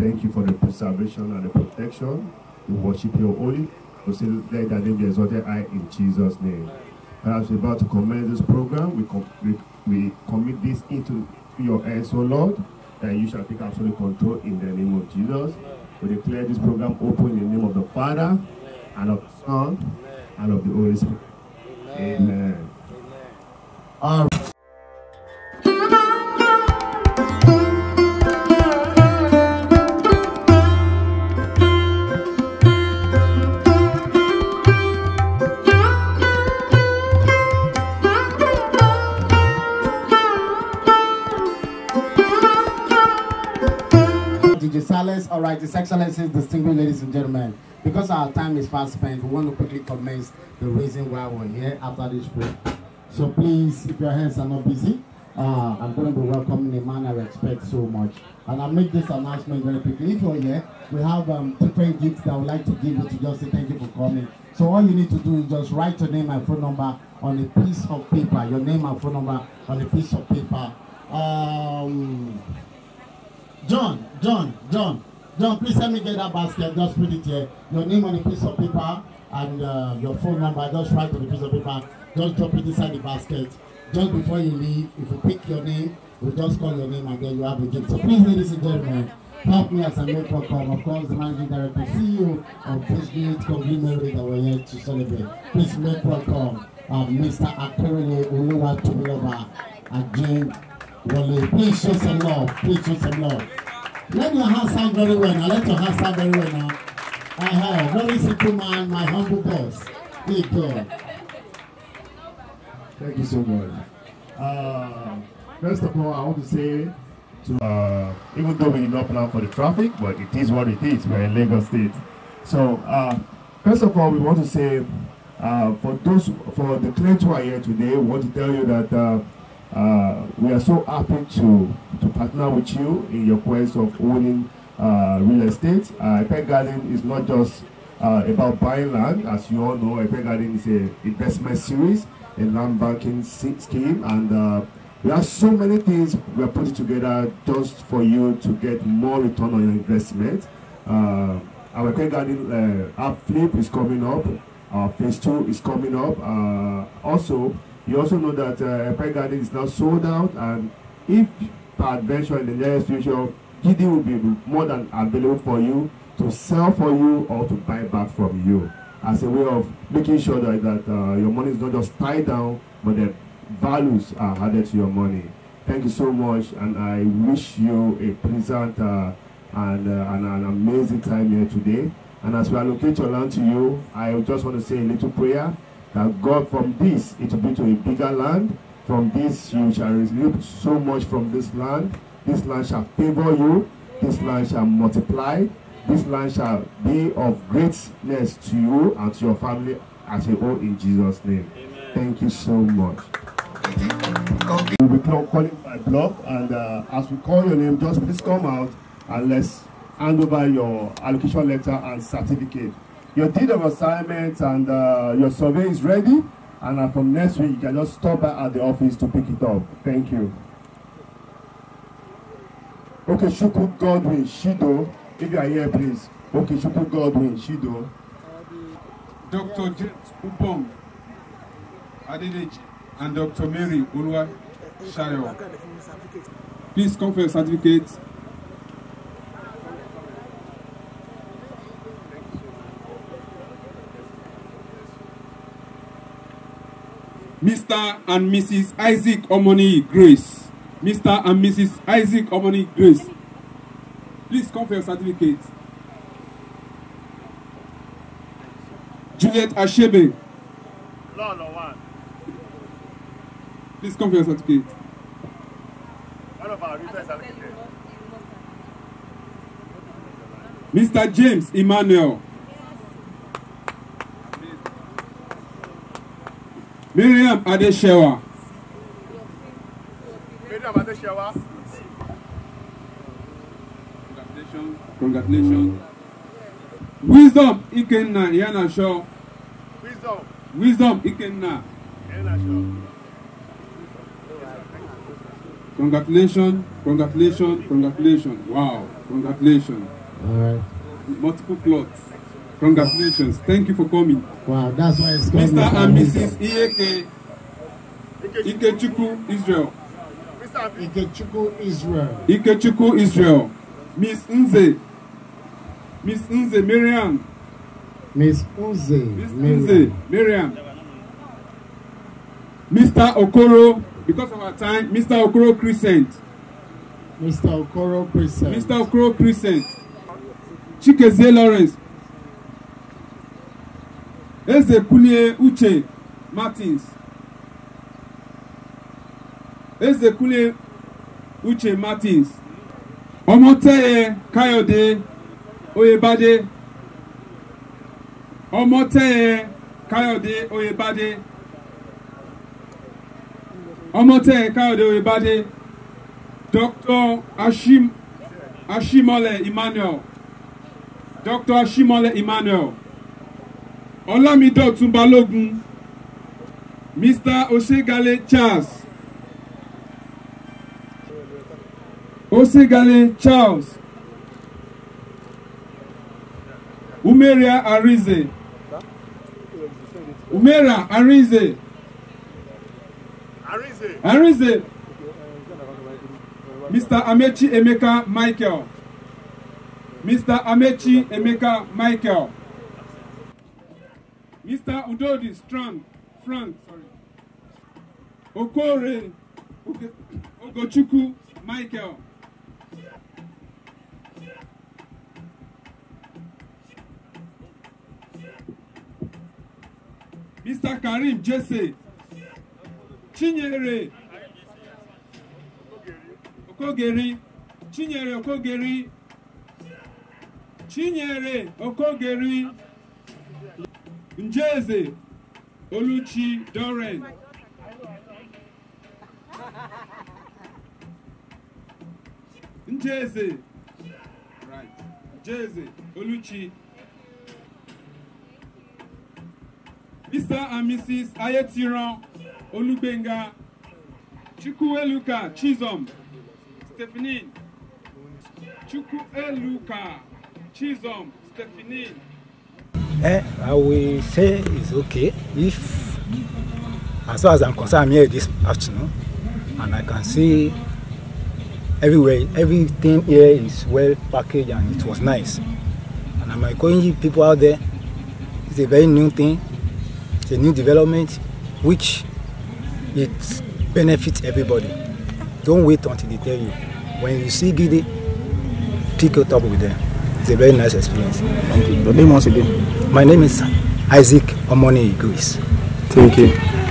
Thank you for the preservation and the protection. We worship your holy. We say, let that name be exalted high in Jesus' name. As we're about to commence this program, we, com we, we commit this into your hands, O Lord, that you shall take absolute control in the name of Jesus. We declare this program open in the name of the Father, and of the Son, and of the Holy Spirit. Amen. Amen. Amen. commence, all right, His Excellencies, distinguished ladies and gentlemen, because our time is fast spent, we want to quickly commence the reason why we're here after this break. So please, if your hands are not busy, uh, I'm going to be welcoming a man I respect so much. And I'll make this announcement very quickly. If you're here, we have um, different gifts that I would like to give you to just say thank you for coming. So all you need to do is just write your name and phone number on a piece of paper. Your name and phone number on a piece of paper. Um, John, John, John. John, please let me get that basket. Just put it here. Your name on a piece of paper and uh, your phone number. Just write on the piece of paper. Just drop it inside the basket. Just before you leave, if you pick your name, we'll just call your name and then you have a gift. So please, ladies and gentlemen, help me as I make welcome. Of course, the managing director, CEO of Fishgate Convenery that we're here to celebrate. Please make welcome uh, Mr. Akerele Oluwatuloba Ajay Wale. Please show some love. Please show some love. Let your hands sound very well now. Let your hands sound very well now. I have very simple man, my humble boss. Big Thank you so much. Uh, first of all, I want to say, to, uh, even though we did not plan for the traffic, but it is what it is. We're in Lagos State. So, uh, first of all, we want to say, uh, for those, for the clients who are here today, we want to tell you that uh, uh, we are so happy to, to partner with you in your quest of owning uh, real estate. Uh, Epe Garden is not just uh, about buying land, as you all know, Epe Garden is an investment series, a land banking scheme, and we uh, have so many things we are putting together just for you to get more return on your investment. Uh, our Epe Garden app flip is coming up, our phase two is coming up. also, you also know that uh, Empire Garden is now sold out, and if peradventure in the nearest future, GD will be more than available for you to sell for you or to buy back from you as a way of making sure that, that uh, your money is not just tied down, but the values are added to your money. Thank you so much, and I wish you a pleasant uh, and, uh, and an amazing time here today. And as we allocate your land to you, I just want to say a little prayer. Uh, God, from this it will be to a bigger land. From this you shall reap so much from this land. This land shall favor you. This land shall multiply. This land shall be of greatness to you and to your family as a whole in Jesus' name. Amen. Thank you so much. Okay. We'll be calling by block, and uh, as we call your name, just please come out and let's hand over your allocation letter and certificate. Your deed of assignment and uh, your survey is ready. And uh, from next week, you can just stop by at the office to pick it up. Thank you. Okay, Shuku Godwin Shido, if you are here, please. Okay, Shuku Godwin Shido. Dr. James Ubong Adedeji and Dr. Mary Ulwa Shayo. Please confirm your certificate. Mr. and Mrs. Isaac Omoni Grace. Mr. and Mrs. Isaac Omoni Grace. Please come for your certificate. Juliet Ashebe. Please come for your certificate. Mr. James Emmanuel. Miriam Adeshewa. Miriam Adeshewa. Congratulations. Congratulations. Wisdom Ikenna Yanasho. Wisdom. Wisdom Ikenna. Yanasho. Congratulations, congratulations, congratulations. Wow, congratulations. All right. Multiple plots. Congratulations. Thank you for coming. Wow, that's why it's coming. Mr. and Mrs. Ieke Ikechuku Israel. Mr. Ikechuku Israel. Ikechuku Israel. Miss Nze. Miss Nze Miriam. Miss Nze. Miss Nze Miriam. Mr. Okoro, because of our time, Mr. Okoro Crescent. Mr. Okoro Crescent. Mr. Okoro Crescent. Chikeze Lawrence. Eze Kulie Uche Martins. Eze Kulie Uche Martins. Ọmọtẹ́yẹ Káyọ̀dé Oyèbádé. Ọmọtẹ́yẹ Káyọ̀dé Oyèbádé. Ọmọtẹ́yẹ Kayode Oyebade. Dr. Ashim Ashimole Emmanuel. Dr. Ashimole Emmanuel. Olamidotun Balogun, Mr. Osegale Charles, Osegale Charles, Umeria Arize, Umera Arize, Arize, Arize. Mr. Amechi Emeka Michael, Mr. Amechi Emeka Michael. Mr. Udodi Strong, Frank, sorry. Okore Ogochukwu Michael. Mr. Karim Jesse. Chinyere Okogeri. Chinyere Okogeri. Chinyere Okogeri. Njeze Oluchi Doren. Njeze. Right. Njeze Oluchi. Mr. and Mrs. Ayetiran Olubenga. Chukwueluka Chizom. Stephanie. Chukwueluka Chizom. Stephanie. Eh, I will say it's okay if, as far as I'm concerned, I'm here this afternoon and I can see everywhere, everything here is well packaged and it was nice. And I'm encouraging people out there, it's a very new thing, it's a new development which it benefits everybody. Don't wait until they tell you. When you see Gidi, pick it up with them. It's a very nice experience. Thank you. Your name once again? My name is Isaac Omoni Iguis. Thank you.